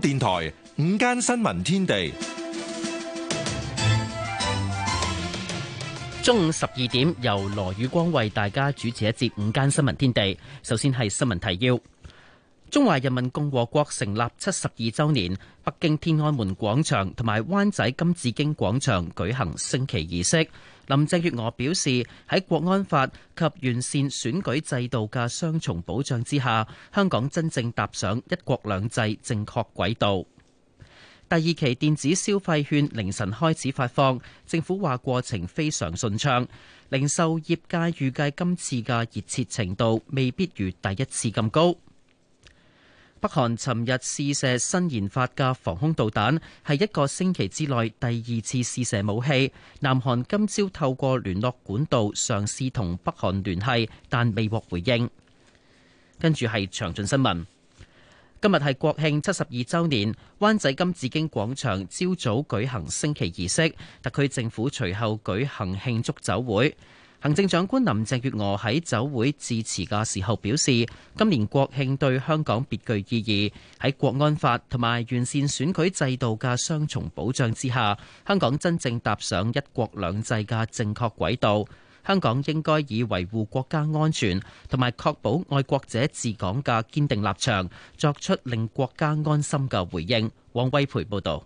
電台午間新聞天地，中午十二點，由羅宇光為大家主持一節午間新聞天地。首先係新聞提要：中華人民共和國成立七十二周年，北京天安門廣場同埋灣仔金紫荊廣場舉行升旗儀式。林鄭月娥表示，喺《國安法》及完善選舉制度嘅雙重保障之下，香港真正踏上一國兩制正確軌道。第二期電子消費券凌晨開始發放，政府話過程非常順暢，零售業界預計今次嘅熱切程度未必如第一次咁高。北韓尋日試射新研發嘅防空導彈，係一個星期之內第二次試射武器。南韓今朝透過聯絡管道嘗試同北韓聯繫，但未獲回應。跟住係詳盡新聞。今日係國慶七十二周年，灣仔金紫荊廣場朝早舉行升旗儀式，特區政府隨後舉行慶祝酒會。行政長官林鄭月娥喺酒會致辭嘅時候表示，今年國慶對香港別具意義。喺國安法同埋完善選舉制度嘅雙重保障之下，香港真正踏上一國兩制嘅正確軌道。香港應該以維護國家安全同埋確保愛國者治港嘅堅定立場，作出令國家安心嘅回應。王威培報道。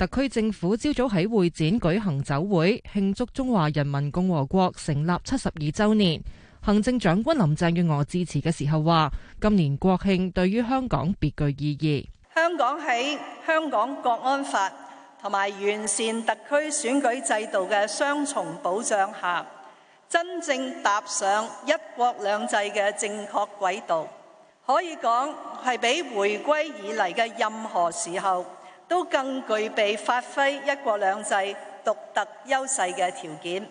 特區政府朝早喺會展舉行酒會，慶祝中華人民共和國成立七十二周年。行政長官林鄭月娥致辭嘅時候話：今年國慶對於香港別具意義。香港喺香港國安法同埋完善特區選舉制度嘅雙重保障下，真正踏上一國兩制嘅正確軌道，可以講係比回歸以嚟嘅任何時候。都更具備發揮一國兩制獨特優勢嘅條件，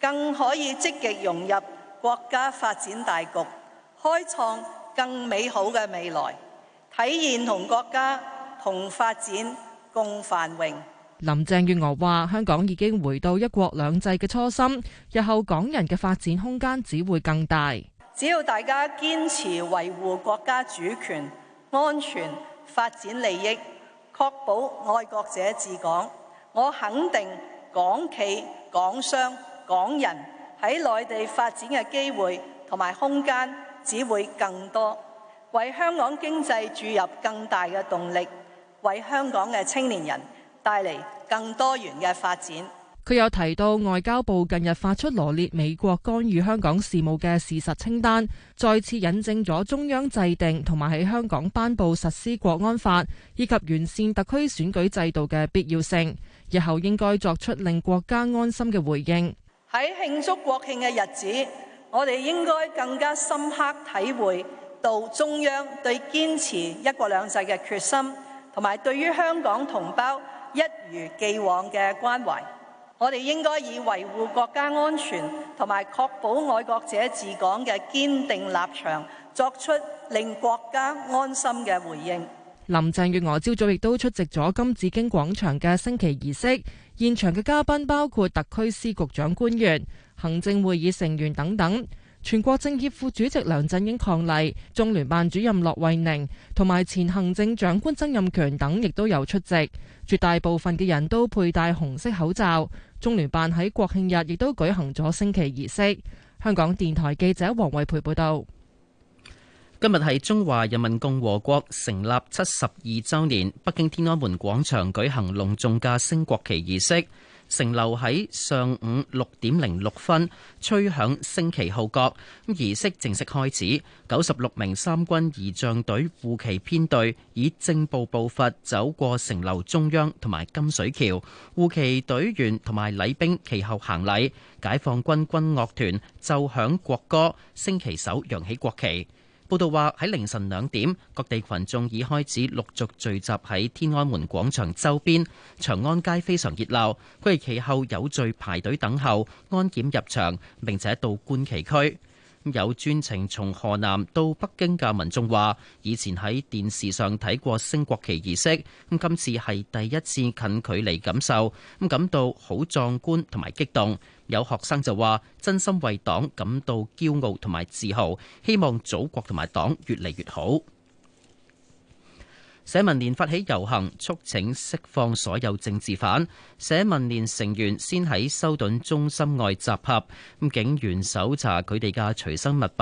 更可以積極融入國家發展大局，開創更美好嘅未來，體現同國家同發展共繁榮。林鄭月娥話：香港已經回到一國兩制嘅初心，日後港人嘅發展空間只會更大。只要大家堅持維護國家主權、安全、發展利益。確保愛國者治港，我肯定港企、港商、港人喺內地發展嘅機會同埋空間只會更多，為香港經濟注入更大嘅動力，為香港嘅青年人帶嚟更多元嘅發展。佢又提到，外交部近日發出羅列美國干預香港事務嘅事實清單，再次引證咗中央制定同埋喺香港頒布實施國安法，以及完善特區選舉制度嘅必要性。日後應該作出令國家安心嘅回應。喺慶祝國慶嘅日子，我哋應該更加深刻體會到中央對堅持一國兩制嘅決心，同埋對於香港同胞一如既往嘅關懷。我哋應該以維護國家安全同埋確保愛國者治港嘅堅定立場，作出令國家安心嘅回應。林鄭月娥朝早亦都出席咗金紫荊廣場嘅升旗儀式，現場嘅嘉賓包括特區司局長官員、行政會議成員等等。全國政協副主席梁振英抗禮，中聯辦主任駱惠寧同埋前行政長官曾蔭權等亦都有出席。絕大部分嘅人都佩戴紅色口罩。中聯辦喺國慶日亦都舉行咗升旗儀式。香港電台記者黃惠培報道：今日係中華人民共和國成立七十二周年，北京天安門廣場舉行隆重嘅升國旗儀式。城樓喺上午六點零六分吹響升旗號角，咁儀式正式開始。九十六名三軍儀仗隊護旗編隊以正步步伐走過城樓中央同埋金水橋，護旗隊員同埋禮兵其後行禮，解放軍軍樂團奏響國歌，升旗手揚起國旗。報道話喺凌晨兩點，各地群眾已開始陸續聚集喺天安門廣場周邊，長安街非常熱鬧。佢哋其後有序排隊等候安檢入場，並且到觀旗區。有專程從河南到北京嘅民眾話：以前喺電視上睇過升國旗儀式，咁今次係第一次近距離感受，咁感到好壯觀同埋激動。有學生就話：真心為黨感到驕傲同埋自豪，希望祖國同埋黨越嚟越好。社民連發起遊行，促請釋放所有政治犯。社民連成員先喺修頓中心外集合，咁警員搜查佢哋嘅隨身物品，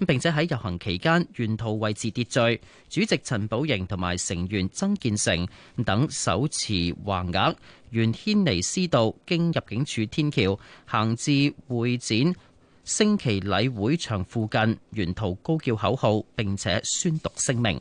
咁並且喺遊行期間沿途位置秩序。主席陳寶瑩同埋成員曾建成等手持橫額，沿軒尼斯道經入境處天橋行至會展升旗禮會場附近，沿途高叫口號，並且宣讀聲明。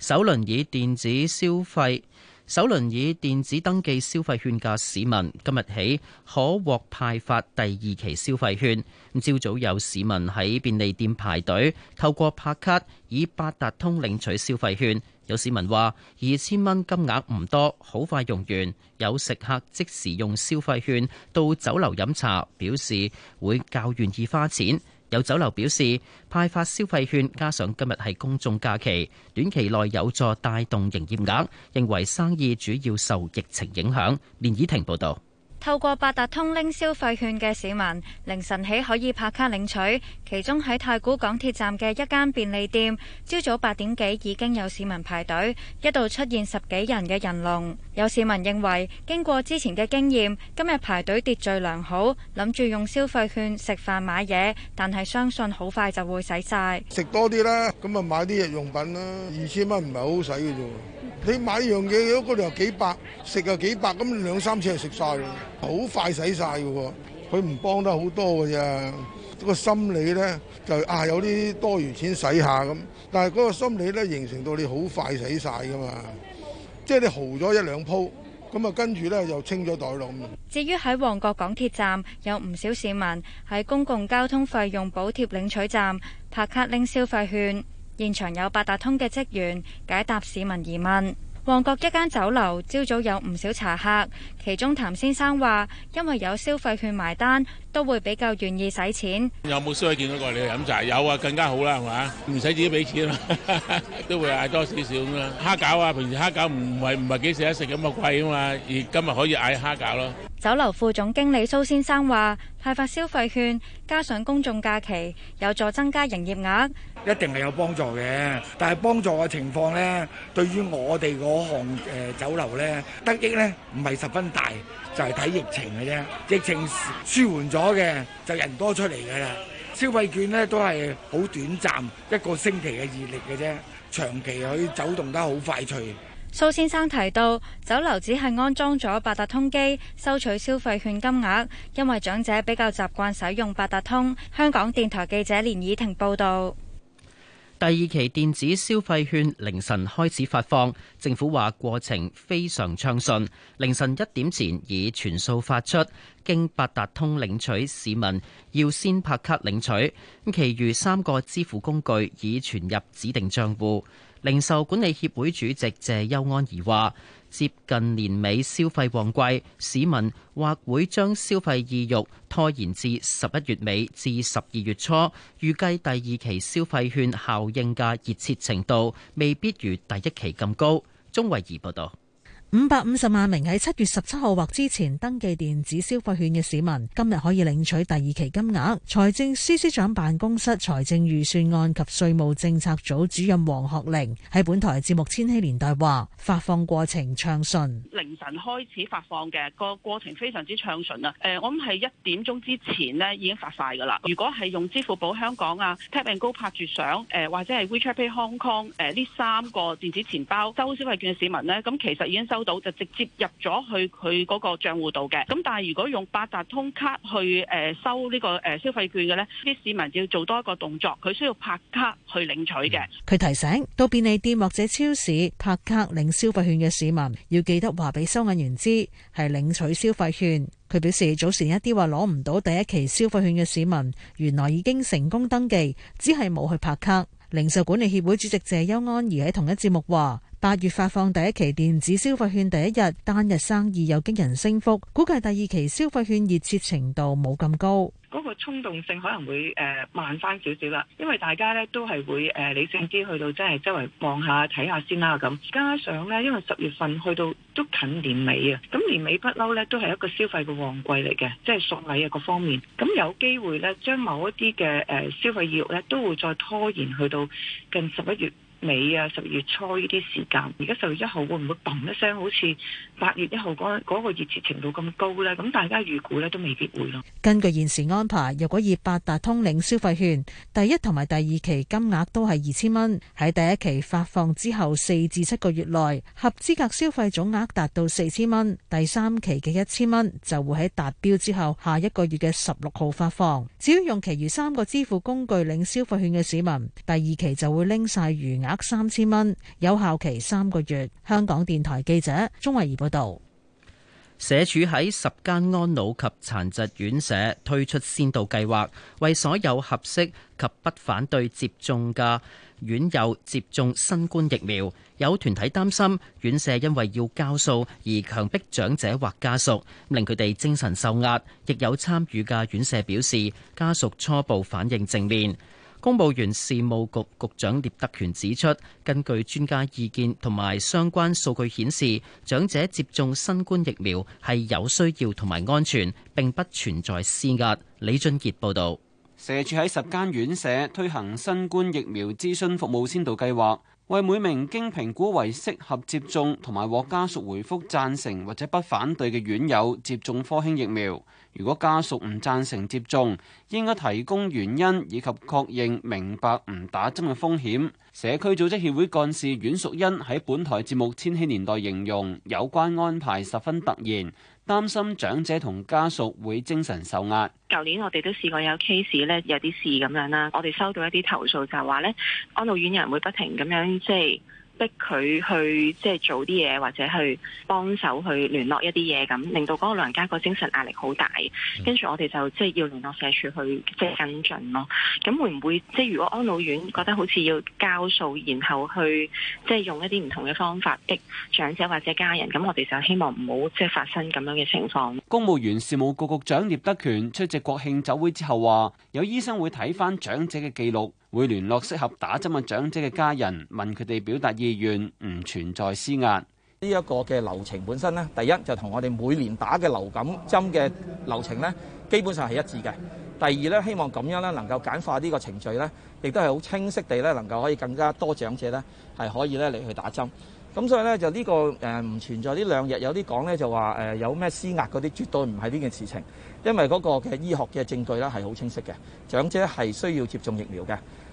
首輪以電子消費，首輪以電子登記消費券嘅市民今，今日起可獲派發第二期消費券。朝早有市民喺便利店排隊，透過拍卡以八達通領取消費券。有市民話：二千蚊金額唔多，好快用完。有食客即時用消費券到酒樓飲茶，表示會較願意花錢。有酒樓表示派發消費券，加上今日係公眾假期，短期內有助帶動營業額，認為生意主要受疫情影響。連以婷報導。透過八達通拎消費券嘅市民，凌晨起可以拍卡領取，其中喺太古港鐵站嘅一間便利店，朝早八點幾已經有市民排隊，一度出現十幾人嘅人龍。有市民認為，經過之前嘅經驗，今日排隊秩序良好，諗住用消費券食飯買嘢，但係相信好快就會使晒。食多啲啦，咁啊買啲日用品啦，二千蚊唔係好使嘅啫。你買樣嘢都嗰度有幾百，食又幾百，咁兩三次就食晒啦。好快使晒㗎喎，佢唔幫得好多嘅啫。個心理呢，就啊有啲多餘錢使下咁，但係嗰個心理呢，形成到你好快使晒㗎嘛。即係你豪咗一兩鋪，咁啊跟住呢又清咗袋落。至於喺旺角港鐵站，有唔少市民喺公共交通費用補貼領取站拍卡拎消費券，現場有八達通嘅職員解答市民疑問。旺角一間酒樓朝早有唔少茶客，其中譚先生話因為有消費券埋單。都會比較願意使錢。有冇消費見到過你去飲茶？有啊，更加好啦，係嘛？唔使自己俾錢啦，都會嗌多少少咁啦。蝦餃啊，平時蝦餃唔唔係唔係幾時一食咁啊貴啊嘛，而今日可以嗌蝦餃咯。酒樓副總經理蘇先生話：派發消費券，加上公眾假期，有助增加營業額。一定係有幫助嘅，但係幫助嘅情況咧，對於我哋嗰行誒酒樓咧得益咧，唔係十分大。就係睇疫情嘅啫，疫情舒緩咗嘅就人多出嚟嘅啦。消費券呢都係好短暫，一個星期嘅熱力嘅啫，長期可以走動得好快脆。蘇先生提到，酒樓只係安裝咗八達通機收取消費券金額，因為長者比較習慣使用八達通。香港電台記者連以婷報導。第二期電子消費券凌晨開始發放，政府話過程非常暢順，凌晨一點前已全數發出。經八達通領取市民要先拍卡領取，其餘三個支付工具已存入指定帳戶。零售管理協會主席謝邱安儀話。接近年尾消費旺季，市民或會將消費意欲拖延至十一月尾至十二月初。預計第二期消費券效應嘅熱切程度未必如第一期咁高。鍾慧儀報道。五百五十萬名喺七月十七號或之前登記電子消費券嘅市民，今日可以領取第二期金額。財政司司長辦公室財政預算案及稅務政策組主任黃學玲喺本台節目《千禧年代》話：發放過程暢順，凌晨開始發放嘅個過程非常之暢順啦。誒，我諗係一點鐘之前呢已經發晒噶啦。如果係用支付寶香港啊、Tap and Go 拍住相誒，或者係 WeChat Pay Hong Kong 誒、呃、呢三個電子錢包收消費券嘅市民呢，咁其實已經收到就直接入咗去佢嗰個賬戶度嘅，咁但係如果用八達通卡去誒收呢個誒消費券嘅咧，啲市民要做多一個動作，佢需要拍卡去領取嘅。佢提醒到便利店或者超市拍卡領消費券嘅市民，要記得話俾收銀員知係領取消費券。佢表示早前一啲話攞唔到第一期消費券嘅市民，原來已經成功登記，只係冇去拍卡。零售管理協會主席謝邱安儀喺同一節目話。八月發放第一期電子消費券，第一日單日生意有驚人升幅，估計第二期消費券熱切程度冇咁高。嗰個衝動性可能會誒慢翻少少啦，因為大家咧都係會誒理性啲去到真看看，啊，即係周圍望下睇下先啦咁。加上咧，因為十月份去到都近年尾啊，咁年尾不嬲，咧都係一個消費嘅旺季嚟嘅，即係送禮啊各方面。咁有機會咧，將某一啲嘅誒消費業咧都會再拖延去到近十一月。尾啊！十月初呢啲時間，而家十月一號會唔會嘣一聲好似八月一號嗰嗰個熱切程度咁高咧？咁大家預估咧都未必會咯。根據現時安排，若果以八達通領消費券，第一同埋第二期金額都係二千蚊，喺第一期發放之後四至七個月內合資格消費總額達到四千蚊，第三期嘅一千蚊就會喺達標之後下一個月嘅十六號發放。只要用其餘三個支付工具領消費券嘅市民，第二期就會拎晒餘額。額三千蚊，有效期三個月。香港電台記者鍾慧儀報道。社署喺十間安老及殘疾院舍推出先導計劃，為所有合適及不反對接種嘅院友接種新冠疫苗。有團體擔心院舍因為要交數而強迫長者或家屬，令佢哋精神受壓。亦有參與嘅院舍表示，家屬初步反應正面。公務員事務局局長聶德權指出，根據專家意見同埋相關數據顯示，長者接種新冠疫苗係有需要同埋安全，並不存在施壓。李俊杰報導。社署喺十間院舍推行新冠疫苗諮詢服務先導計劃，為每名經評估為適合接種同埋獲家屬回覆贊成或者不反對嘅院友接種科興疫苗。如果家屬唔贊成接種，應該提供原因以及確認明白唔打針嘅風險。社區組織協會幹事阮淑欣喺本台節目《千禧年代》形容有關安排十分突然，擔心長者同家屬會精神受壓。舊年我哋都試過有 case 咧，有啲事咁樣啦，我哋收到一啲投訴就係話咧，安老院有人會不停咁樣即係。逼佢去即係做啲嘢，或者去幫手去聯絡一啲嘢，咁令到嗰個老人家個精神壓力好大。跟住我哋就即係要聯絡社署去即係跟進咯。咁會唔會即係如果安老院覺得好似要交數，然後去即係用一啲唔同嘅方法逼長者或者家人？咁我哋就希望唔好即係發生咁樣嘅情況。公務員事務局局長聶德權出席國慶酒會之後話，有醫生會睇翻長者嘅記錄。會聯絡適合打針嘅長者嘅家人，問佢哋表達意願，唔存在施壓。呢一個嘅流程本身咧，第一就同我哋每年打嘅流感針嘅流程咧，基本上係一致嘅。第二咧，希望咁樣咧，能夠簡化呢個程序咧，亦都係好清晰地咧，能夠可以更加多長者咧，係可以咧嚟，去打針。咁所以咧，就呢個誒，唔存在呢兩日有啲講咧，就話誒有咩施壓嗰啲，絕對唔係呢件事情。因為嗰個嘅醫學嘅證據咧係好清晰嘅，長者係需要接種疫苗嘅，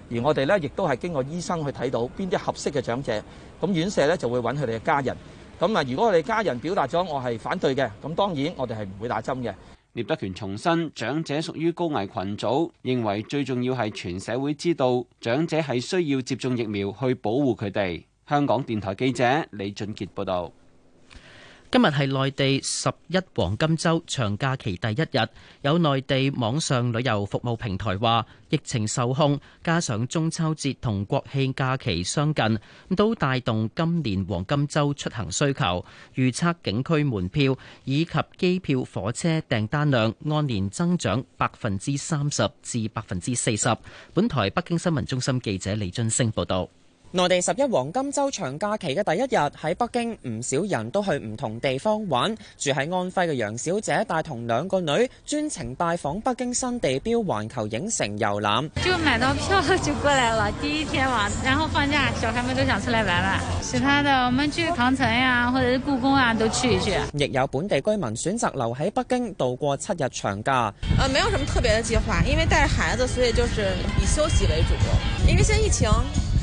而我哋咧亦都係經過醫生去睇到邊啲合適嘅長者，咁院舍咧就會揾佢哋嘅家人，咁啊，如果佢哋家人表達咗我係反對嘅，咁當然我哋係唔會打針嘅。聶德權重申長者屬於高危群組，認為最重要係全社會知道長者係需要接種疫苗去保護佢哋。香港電台記者李俊傑報道。今日係內地十一黃金週長假期第一日，有內地網上旅遊服務平台話，疫情受控，加上中秋節同國慶假期相近，都帶動今年黃金週出行需求，預測景區門票以及機票、火車訂單量按年增長百分之三十至百分之四十。本台北京新聞中心記者李俊升報道。內地十一黃金周長假期嘅第一日，喺北京唔少人都去唔同地方玩。住喺安徽嘅楊小姐帶同兩個女專程拜訪北京新地標環球影城遊覽。就買到票就過來了，第一天嘛，然後放假，小孩們都想出來玩玩。其他的，我們去長城呀、啊，或者是故宮啊，都去一去。亦有本地居民選擇留喺北京度過七日長假。呃，沒有什麼特別的計劃，因為帶着孩子，所以就是以休息為主。嗯、因為現在疫情。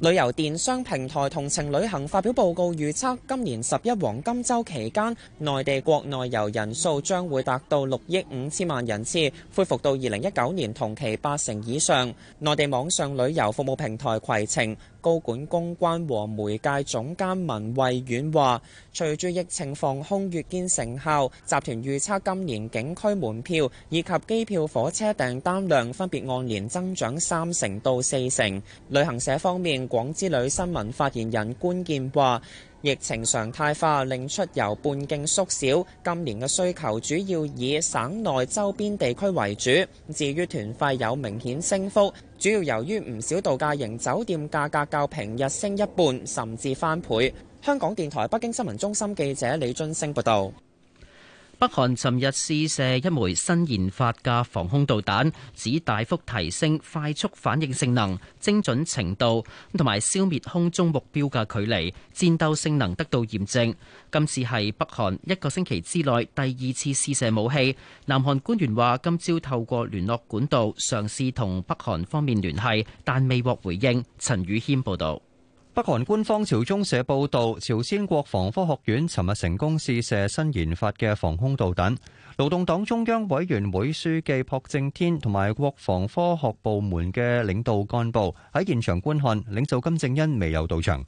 旅遊電商平台同程旅行發表報告預測，今年十一黃金週期間，內地國內遊人數將會達到六億五千萬人次，恢復到二零一九年同期八成以上。內地網上旅遊服務平台攜程高管公關和媒介總監文慧遠話：隨住疫情防控越見成效，集團預測今年景區門票以及機票、火車訂單量分別按年增長三成到四成。旅行社方面，廣之旅新聞發言人關健話：疫情常態化令出遊半徑縮小，今年嘅需求主要以省內周邊地區為主。至於團費有明顯升幅。主要由於唔少度假型酒店價格較平日升一半，甚至翻倍。香港電台北京新聞中心記者李津升報導。北韓尋日試射一枚新研發嘅防空導彈，指大幅提升快速反應性能、精準程度，同埋消滅空中目標嘅距離戰鬥性能得到驗證。今次係北韓一個星期之內第二次試射武器。南韓官員話，今朝透過聯絡管道嘗試同北韓方面聯繫，但未獲回應。陳宇軒報導。北韓官方朝中社報道，朝鮮國防科學院尋日成功試射新研發嘅防空導彈。勞動黨中央委員會書記朴正天同埋國防科學部門嘅領導幹部喺現場觀看，領袖金正恩未有到場。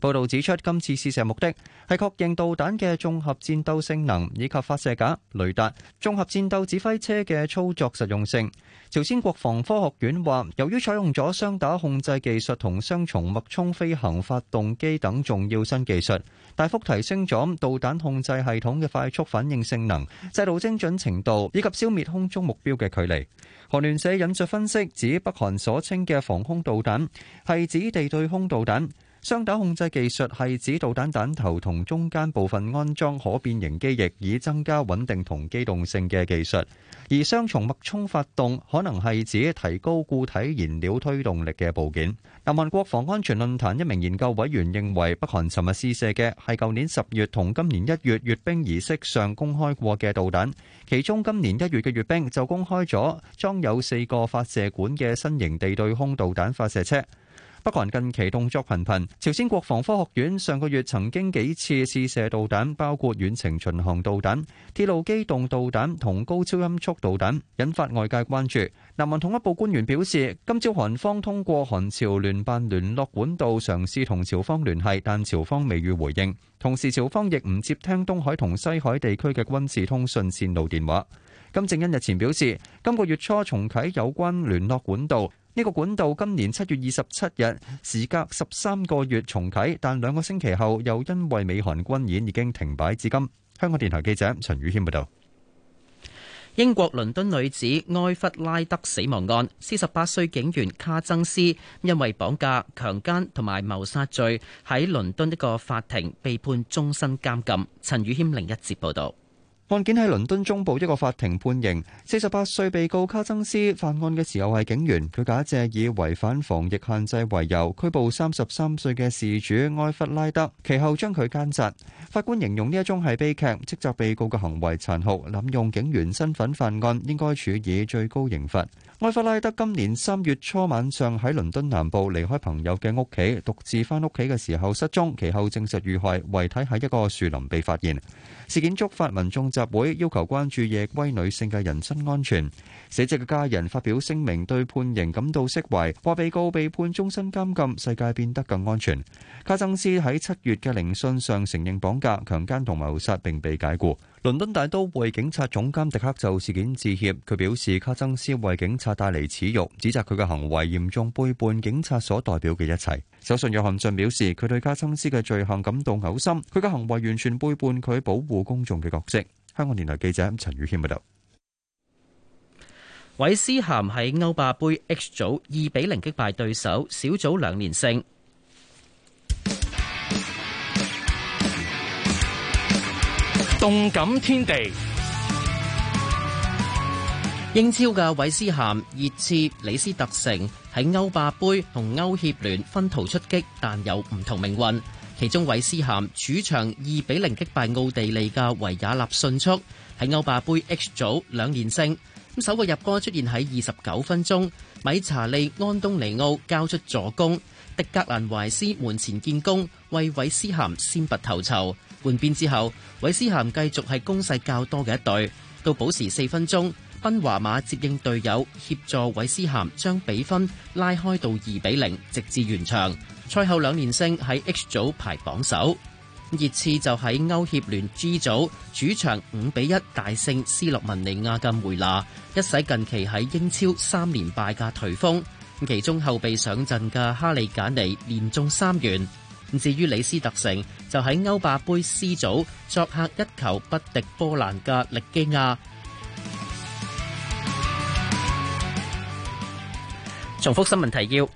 報道指出，今次試射目的係確認導彈嘅綜合戰鬥性能，以及發射架、雷達、綜合戰鬥指揮車嘅操作實用性。朝鮮國防科學院話，由於採用咗雙打控制技術同雙重脈衝飛行發動機等重要新技術，大幅提升咗導彈控制系統嘅快速反應性能、制導精準程度以及消滅空中目標嘅距離。韓聯社引述分析指，北韓所稱嘅防空導彈係指地對空導彈。雙彈控制技術係指導彈彈頭同中間部分安裝可變形機翼，以增加穩定同機動性嘅技術。而雙重脈衝發動可能係指提高固體燃料推動力嘅部件。亞運國防安全論壇一名研究委員認為，北韓尋日試射嘅係舊年十月同今年一月閱兵儀式上公開過嘅導彈，其中今年一月嘅閱兵就公開咗裝有四個發射管嘅新型地對空導彈發射車。北韓近期動作頻頻，朝鮮國防科學院上個月曾經幾次試射導彈，包括遠程巡航導彈、鐵路機動導彈同高超音速導彈，引發外界關注。南韓統一部官員表示，今朝韓方通過韓朝聯辦聯絡管道嘗試同朝方聯繫，但朝方未予回應。同時，朝方亦唔接聽東海同西海地區嘅軍事通訊線路電話。金正恩日前表示，今個月初重啟有關聯絡管道。呢個管道今年七月二十七日，時隔十三個月重啟，但兩個星期後又因為美韓軍演已經停擺至今。香港電台記者陳宇謙報道。英國倫敦女子埃弗拉德死亡案，四十八歲警員卡曾斯因為綁架、強奸同埋謀殺罪喺倫敦一個法庭被判終身監禁。陳宇謙另一節報道。案件喺倫敦中部一個法庭判刑，四十八歲被告卡曾斯犯案嘅時候係警員，佢假借以違反防疫限制為由拘捕三十三歲嘅事主埃弗拉德，其後將佢姦殺。法官形容呢一宗係悲劇，斥責被告嘅行為殘酷，濫用警員身份犯案應該處以最高刑罰。埃弗拉德今年三月初晚上喺倫敦南部離開朋友嘅屋企，獨自返屋企嘅時候失蹤，其後證實遇害，遺體喺一個樹林被發現。事件觸發民眾集會，要求關注夜歸女性嘅人身安全。死者嘅家人發表聲明，對判刑感到釋懷，話被告被判終身監禁，世界變得更安全。卡曾斯喺七月嘅聆訊上承認綁架、強姦同謀殺，並被解雇。倫敦大都會警察總監迪克就事件致歉，佢表示卡曾斯為警察帶嚟恥辱，指責佢嘅行為嚴重背叛警察所代表嘅一切。首相約翰遜表示，佢對卡曾斯嘅罪行感到嘔心，佢嘅行為完全背叛佢保護。好公眾嘅角色。香港電台記者陳宇謙報道。韋斯咸喺歐霸盃 H 組二比零擊敗對手，小組兩連勝。動感天地。英超嘅韋斯咸、熱刺、李斯特城喺歐霸盃同歐協聯分途出擊，但有唔同命運。其中韋斯咸主場二比零擊敗奧地利嘅維也納迅速喺歐霸盃 H 組兩連勝，咁首個入波出現喺二十九分鐘，米查利安東尼奧交出助攻，迪格蘭懷斯門前建功，為韋斯咸先拔頭籌。換邊之後，韋斯咸繼續係攻勢較多嘅一隊，到補時四分鐘。賓華馬接應隊友協助韋斯咸將比分拉開到二比零，直至完場。賽後兩連勝喺 H 組排榜首。熱刺就喺歐協聯 G 組主場五比一大勝斯洛文尼亞嘅梅拿，一洗近期喺英超三連敗嘅頹風。其中後備上陣嘅哈利·簡尼連中三元。至於李斯特城就喺歐霸杯 C 組作客一球不敵波蘭嘅力基亞。重複新聞提要：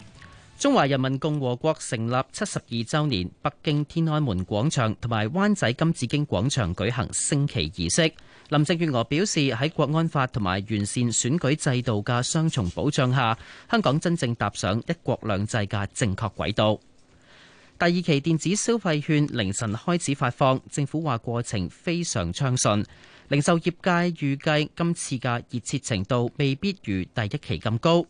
中華人民共和國成立七十二周年，北京天安門廣場同埋灣仔金紫荊廣場舉行升旗儀式。林鄭月娥表示，喺國安法同埋完善選舉制度嘅雙重保障下，香港真正踏上一國兩制嘅正確軌道。第二期電子消費券凌晨開始發放，政府話過程非常暢順。零售業界預計今次嘅熱切程度未必如第一期咁高。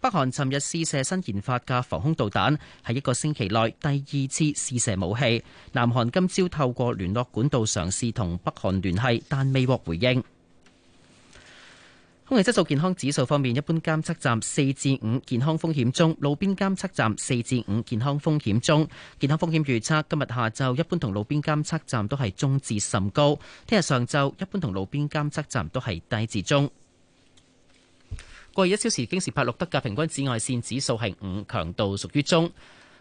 北韓尋日試射新研發嘅防空導彈，係一個星期內第二次試射武器。南韓今朝透過聯絡管道嘗試同北韓聯繫，但未獲回應。空氣質素健康指數方面，一般監測站四至五，健康風險中，路邊監測站四至五，健康風險中。健康風險預測，今日下晝一般同路邊監測站都係中至甚高，聽日上晝一般同路邊監測站都係低至中。過去一小時，京士柏錄得嘅平均紫外線指數係五，強度屬於中。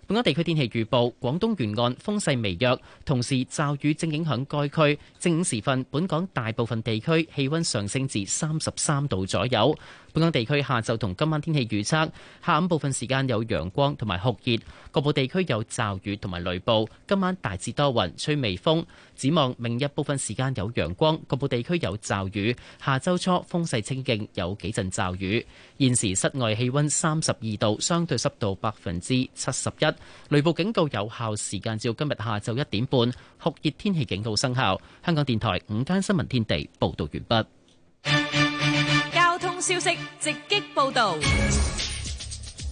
本港地區天氣預報，廣東沿岸風勢微弱，同時驟雨正影響該區。正午時分，本港大部分地區氣溫上升至三十三度左右。本港地區下晝同今晚天氣預測，下午部分時間有陽光同埋酷熱，局部地區有驟雨同埋雷暴。今晚大致多雲，吹微風。展望明日部分時間有陽光，局部地區有驟雨。下周初風勢清勁，有幾陣驟雨。現時室外氣温三十二度，相對濕度百分之七十一。雷暴警告有效時間照今日下晝一點半。酷熱天氣警告生效。香港電台午間新聞天地報導完畢。消息直擊報道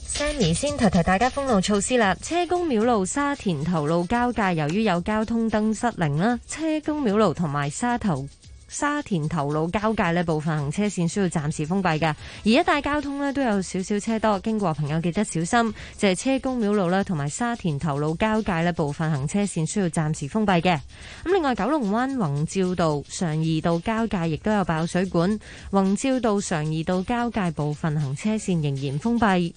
，Sammy 先提提大家封路措施啦。車公廟路沙田頭路交界，由於有交通燈失靈啦，車公廟路同埋沙頭。沙田頭路交界部分行車線需要暫時封閉嘅，而一帶交通都有少少車多，經過朋友記得小心。就係、是、車公廟路啦，同埋沙田頭路交界部分行車線需要暫時封閉嘅。咁另外，九龍灣宏照道常怡道交界亦都有爆水管，宏照道常怡道交界部分行車線仍然封閉。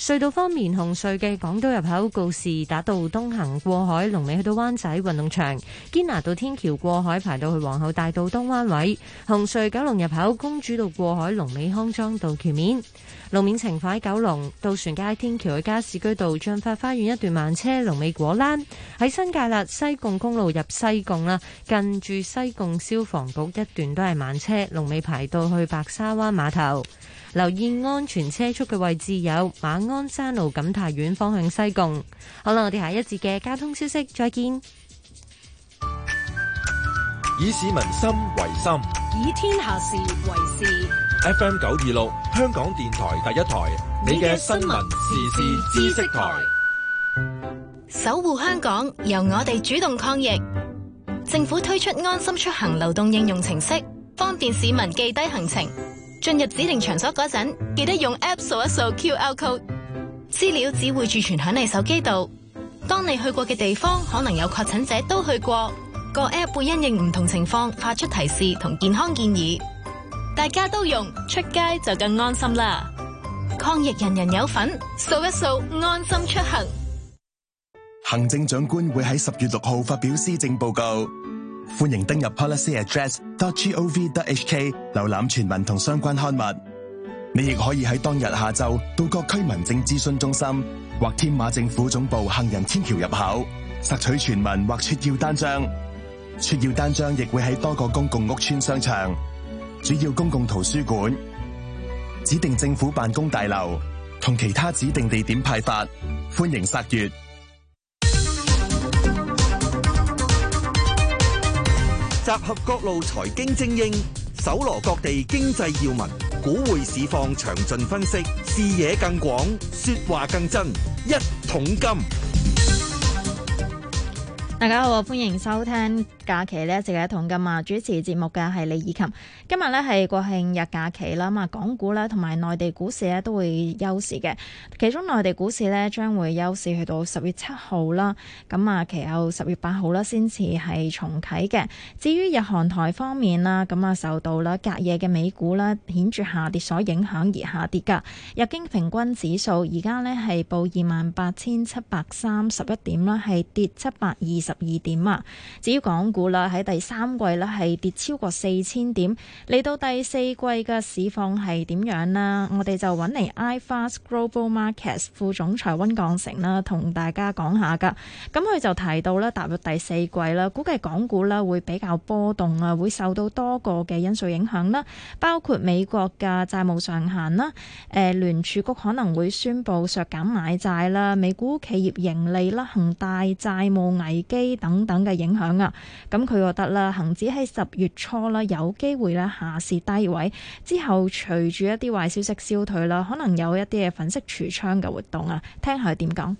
隧道方面，紅隧嘅港島入口告士打道東行過海，龍尾去到灣仔運動場；堅拿道天橋過海，排到去皇后大道東彎位；紅隧九龍入口公主道過海，龍尾康莊道橋面。路面情況喺九龍渡船街天橋去嘉士居道、駿發花園一段慢車，龍尾果欄喺新界啦。西貢公路入西貢啦，近住西貢消防局一段都係慢車，龍尾排到去白沙灣碼頭。留意安全車速嘅位置有馬鞍山路錦泰苑方向西貢。好啦，我哋下一節嘅交通消息再見。以市民心為心，以天下事為事。FM 九二六，香港電台第一台，你嘅新聞時事知識台。守護香港，由我哋主動抗疫。政府推出安心出行流動應用程式，方便市民記低行程。進入指定場所嗰陣，記得用 App 掃一掃 QR code。資料只會儲存響你手機度。當你去過嘅地方可能有確診者都去過，個 App 會因應唔同情況發出提示同健康建議。大家都用出街就更安心啦！抗疫人人有份，掃一掃安心出行。行政長官會喺十月六號發表施政報告，歡迎登入 policyaddress.gov.hk 瀏覽全文同相關刊物。你亦可以喺當日下晝到各區民政諮詢中心或天馬政府總部行人天橋入口索取全文或撮要單張，撮要單張亦會喺多個公共屋邨商場主要公共圖書館、指定政府辦公大樓同其他指定地點派發，歡迎索閱。集合各路財經精英，搜羅各地經濟要聞，股匯市況詳盡分析，視野更廣，說話更真，一桶金。大家好，歡迎收聽假期呢一次嘅《同金》啊！主持節目嘅係李以琴。今日呢係國慶日假期啦，咁啊，港股啦同埋內地股市呢都會休市嘅。其中內地股市呢將會休市去到十月七號啦，咁啊，其後十月八號啦先至係重啟嘅。至於日韓台方面啦，咁啊，受到啦隔夜嘅美股啦顯著下跌所影響而下跌噶。日經平均指數而家呢係報二萬八千七百三十一點啦，係跌七百二十。十二點啊！至於港股啦，喺第三季啦係跌超過四千點，嚟到第四季嘅市況係點樣呢？我哋就揾嚟 iFast Global Markets 副總裁温鋼成啦，同大家講下噶。咁佢就提到咧，踏入第四季咧，估計港股啦會比較波動啊，會受到多個嘅因素影響啦，包括美國嘅債務上限啦，誒聯儲局可能會宣布削減買債啦，美股企業盈利啦，恒大債務危機。等等嘅影響啊，咁佢覺得啦，恒指喺十月初啦，有機會咧下試低位，之後隨住一啲壞消息消退啦，可能有一啲嘅粉飾櫥窗嘅活動啊，聽下佢點講。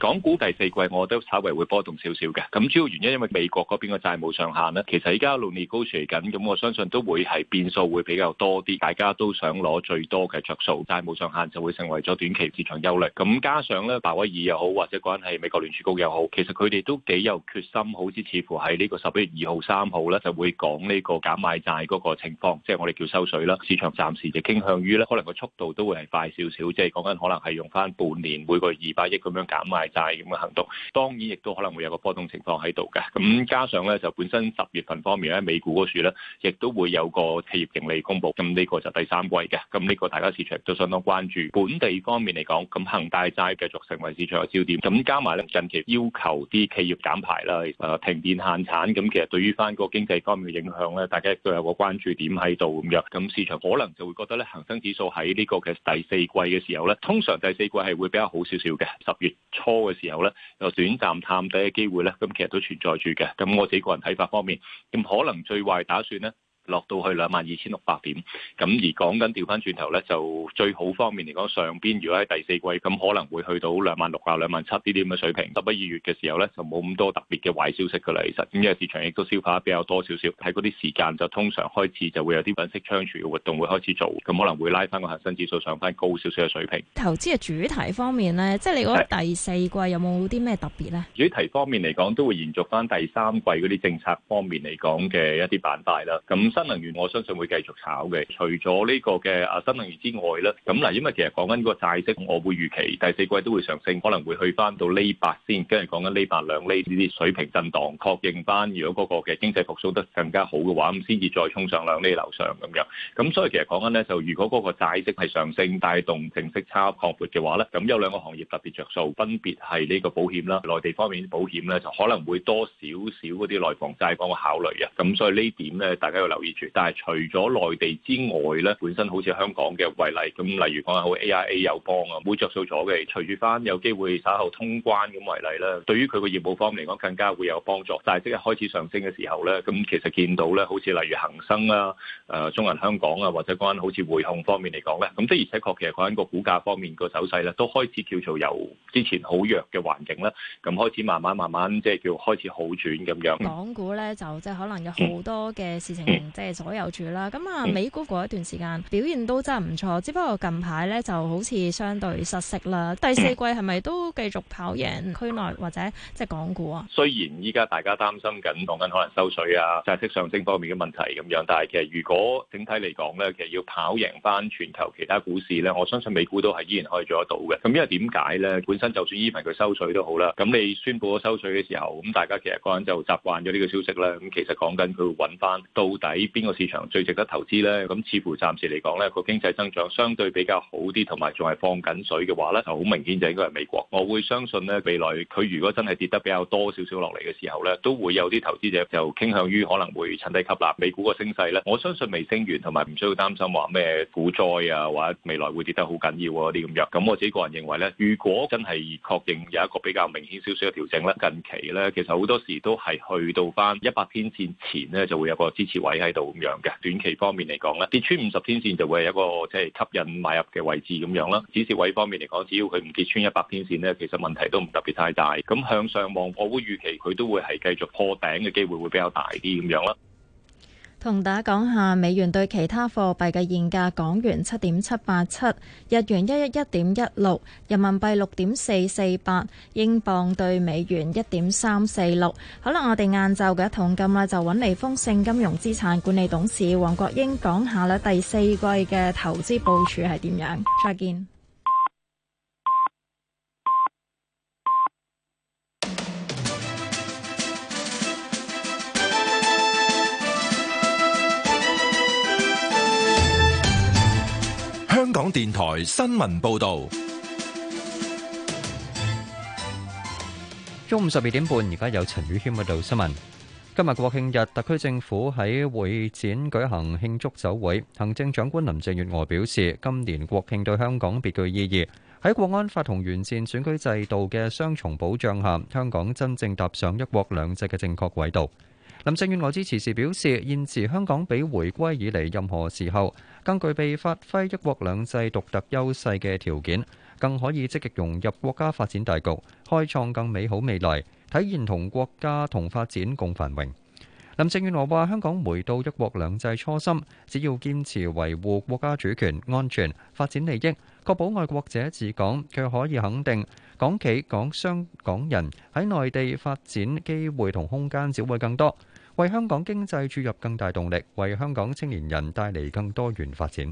港股第四季我都稍微會波動少少嘅，咁主要原因因為美國嗰邊嘅債務上限呢，其實依家一路 negotiate 緊，咁我相信都會係變數會比較多啲，大家都想攞最多嘅着數，債務上限就會成為咗短期市場憂慮。咁加上咧，鮑威爾又好，或者講緊係美國聯儲局又好，其實佢哋都幾有決心，好似似乎喺呢個十一月二號、三號咧就會講呢個減賣債嗰個情況，即係我哋叫收水啦。市場暫時就傾向於咧，可能個速度都會係快少少，即係講緊可能係用翻半年每個月二百億咁樣減賣。就咁嘅行動，當然亦都可能會有個波動情況喺度嘅。咁加上咧就本身十月份方面咧，美股嗰處咧，亦都會有個企業盈利公布。咁呢個就第三季嘅，咁呢個大家市場都相當關注。本地方面嚟講，咁恒大債繼續成為市場嘅焦點。咁加埋咧近期要求啲企業減排啦，啊停電限產。咁其實對於翻個經濟方面嘅影響咧，大家亦都有個關注點喺度咁樣。咁市場可能就會覺得咧，恒生指數喺呢個嘅第四季嘅時候咧，通常第四季係會比較好少少嘅十月初。多嘅時候咧，有短暫探底嘅機會咧，咁其實都存在住嘅。咁我自己個人睇法方面，咁可能最壞打算咧。落到去兩萬二千六百點，咁而講緊調翻轉頭咧，就最好方面嚟講，上邊如果喺第四季，咁可能會去到兩萬六啊、兩萬七呢啲咁嘅水平。十一二月嘅時候咧，就冇咁多特別嘅壞消息㗎啦，其實。咁而係市場亦都消化得比較多少少，喺嗰啲時間就通常開始就會有啲粉飾倉儲嘅活動會開始做，咁可能會拉翻個恆生指數上翻高少少嘅水平。投資嘅主題方面咧，即係你覺得第四季有冇啲咩特別咧？主題方面嚟講，都會延續翻第三季嗰啲政策方面嚟講嘅一啲板塊啦。咁。新能源我相信會繼續炒嘅，除咗呢個嘅啊新能源之外咧，咁嗱，因為其實講緊個債息，我會預期第四季都會上升，可能會去翻到呢八先，跟住講緊呢八兩厘呢啲水平震盪，確認翻如果嗰個嘅經濟復甦得更加好嘅話，咁先至再衝上兩厘樓上咁樣。咁所以其實講緊咧，就如果嗰個債息係上升帶動淨息差擴闊嘅話咧，咁有兩個行業特別着數，分別係呢個保險啦，內地方面保險咧就可能會多少少嗰啲內房債講個考慮啊。咁所以點呢點咧，大家要留。但係除咗內地之外咧，本身好似香港嘅為例，咁例如講下 AIA 有幫啊，冇着數咗嘅，隨住翻有機會稍後通關咁為例啦。對於佢個業務方面嚟講，更加會有幫助。但係即係開始上升嘅時候咧，咁其實見到咧，好似例如恒生啦、啊呃、中銀香港啊，或者講好似匯控方面嚟講咧，咁的而且確其實佢喺個股價方面個手勢咧，都開始叫做由之前好弱嘅環境啦，咁開始慢慢慢慢即係叫開始好轉咁樣。港股咧就即係可能有好多嘅事情、嗯。嗯即係左右住啦，咁啊美股嗰一段時間表現都真係唔錯，嗯、只不過近排咧就好似相對失色啦。第四季係咪都繼續跑贏區內或者即係港股啊？雖然依家大家擔心緊講緊可能收水啊、債息上升方面嘅問題咁樣，但係其實如果整體嚟講咧，其實要跑贏翻全球其他股市咧，我相信美股都係依然可以做得到嘅。咁因為點解咧？本身就算依份佢收水都好啦，咁你宣布咗收水嘅時候，咁大家其實個人就習慣咗呢個消息啦，咁其實講緊佢會揾翻到底。喺邊個市場最值得投資呢？咁似乎暫時嚟講呢個經濟增長相對比較好啲，同埋仲係放緊水嘅話，就好明顯就應該係美國。我會相信呢，未來佢如果真係跌得比較多少少落嚟嘅時候呢，都會有啲投資者就傾向於可能會趁低吸納美股個升勢呢，我相信未升完，同埋唔需要擔心話咩股災啊，或者未來會跌得好緊要嗰啲咁樣。咁我自己個人認為呢，如果真係確認有一個比較明顯少少嘅調整咧，近期呢其實好多時都係去到翻一百天綫前呢，就會有個支持位喺。喺度咁樣。嘅短期方面嚟講咧，跌穿五十天線就會係一個即係吸引買入嘅位置咁樣啦。止蝕位方面嚟講，只要佢唔跌穿一百天線咧，其實問題都唔特別太大。咁向上望，我會預期佢都會係繼續破頂嘅機會會比較大啲咁樣啦。同大家講下美元對其他貨幣嘅現價：港元七點七八七，日元一一一點一六，人民幣六點四四八，英鎊對美元一點三四六。好啦，我哋晏晝嘅一桶金咧，就揾嚟豐盛金融資產管理董事黃國英講下啦，第四季嘅投資部署係點樣？再見。香港電台新聞報道，中午十二點半，而家有陳宇謙報道新聞。今日國慶日，特區政府喺會展舉行慶祝酒會。行政長官林鄭月娥表示，今年國慶對香港別具意義。喺國安法同完善選舉制度嘅雙重保障下，香港真正踏上一國兩制嘅正確軌道。林鄭月娥致辭時表示：現時香港比回歸以嚟任何時候更具備發揮一國兩制獨特優勢嘅條件，更可以積極融入國家發展大局，開創更美好未來，體現同國家同發展共繁榮。林鄭月娥話：香港回到一國兩制初心，只要堅持維護國家主權、安全、發展利益，確保愛國者治港，卻可以肯定港企、港商、港人喺內地發展機會同空間，只會更多。為香港經濟注入更大動力，為香港青年人帶嚟更多元發展。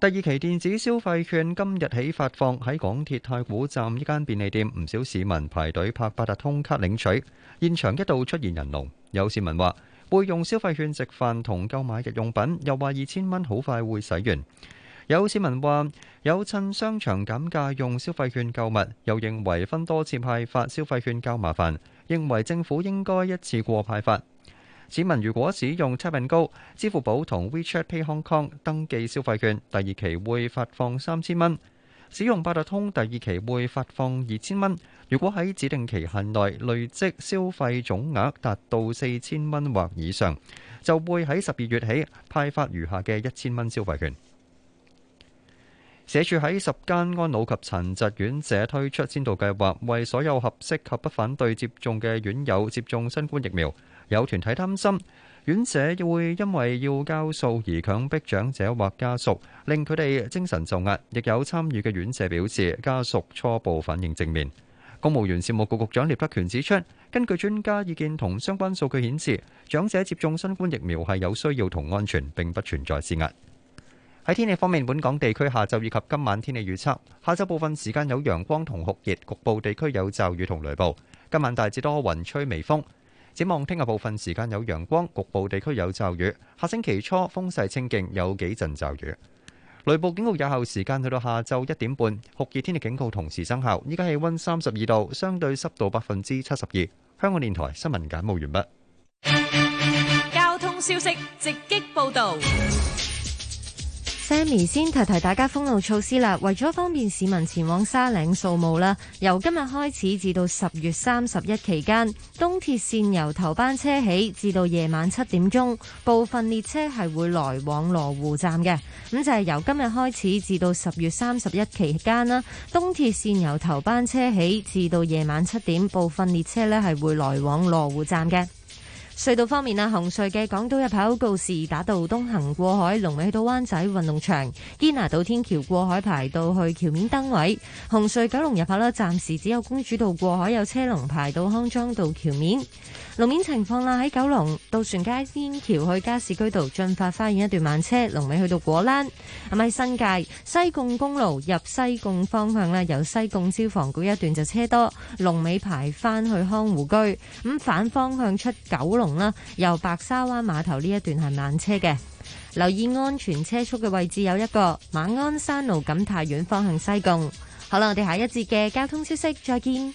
第二期電子消費券今日起發放，喺港鐵太古站呢間便利店，唔少市民排隊拍八達通卡領取，現場一度出現人龍。有市民話會用消費券食飯同購買日用品，又話二千蚊好快會使完。有市民話有趁商場減價用消費券購物，又認為分多次派發消費券較麻煩。認為政府應該一次過派發市民，如果使用七品高、支付寶同 WeChat Pay Hong Kong 登記消費券，第二期會發放三千蚊；使用八達通，第二期會發放二千蚊。如果喺指定期限內累積消費總額達到四千蚊或以上，就會喺十二月起派發餘下嘅一千蚊消費券。社署喺十間安老及殘疾院舍推出先導計劃，為所有合適及不反對接種嘅院友接種新冠疫苗。有團體擔心院舍會因為要交數而強迫長者或家屬，令佢哋精神受壓。亦有參與嘅院舍表示，家屬初步反應正面。公務員事務局局長聶德權指出，根據專家意見同相關數據顯示，長者接種新冠疫苗係有需要同安全，並不存在施壓。喺天氣方面，本港地區下晝以及今晚天氣預測：下晝部分時間有陽光同酷熱，局部地區有驟雨同雷暴；今晚大致多雲，吹微風。展望聽日部分時間有陽光，局部地區有驟雨。下星期初風勢清勁，有幾陣驟雨。雷暴警告有效時間去到下晝一點半，酷熱天氣警告同時生效。依家氣溫三十二度，相對濕度百分之七十二。香港電台新聞簡報完畢。交通消息直擊報道。Sammy 先提提大家封路措施啦，為咗方便市民前往沙嶺掃墓啦，由今日開始至到十月三十一期間，東鐵線由頭班車起至到夜晚七點鐘，部分列車係會來往羅湖站嘅。咁就係、是、由今日開始至到十月三十一期間啦，東鐵線由頭班車起至到夜晚七點，部分列車咧係會來往羅湖站嘅。隧道方面啊，紅隧嘅港島入口告士打道東行過海，龍尾去到灣仔運動場；堅拿道天橋過海排到去橋面燈位。紅隧九龍入口咧，暫時只有公主道過海有車龍排到康莊道橋面。路面情況啦，喺九龍渡船街天橋去加士居道進發花園一段慢車，龍尾去到果欄；咁、啊、喺新界西貢公路入西貢方向啦，由西貢消防局一段就車多，龍尾排翻去匡湖居；咁反方向出九龍啦，由白沙灣碼頭呢一段係慢車嘅。留意安全車速嘅位置有一個馬鞍山路錦泰苑方向西貢。好啦，我哋下一節嘅交通消息，再見。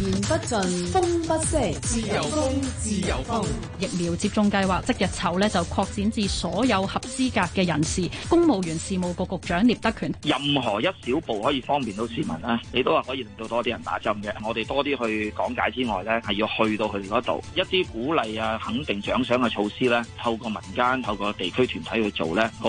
言不盡，風不息，自由風，自由風，自由風。疫苗接種計劃即日起咧就擴展至所有合資格嘅人士。公務員事務局局長聶德權：任何一小步可以方便到市民啦，你都話可以令到多啲人打針嘅。我哋多啲去講解之外咧，係要去到佢哋嗰度一啲鼓勵啊、肯定獎賞嘅措施咧，透過民間、透過地區團體去做咧。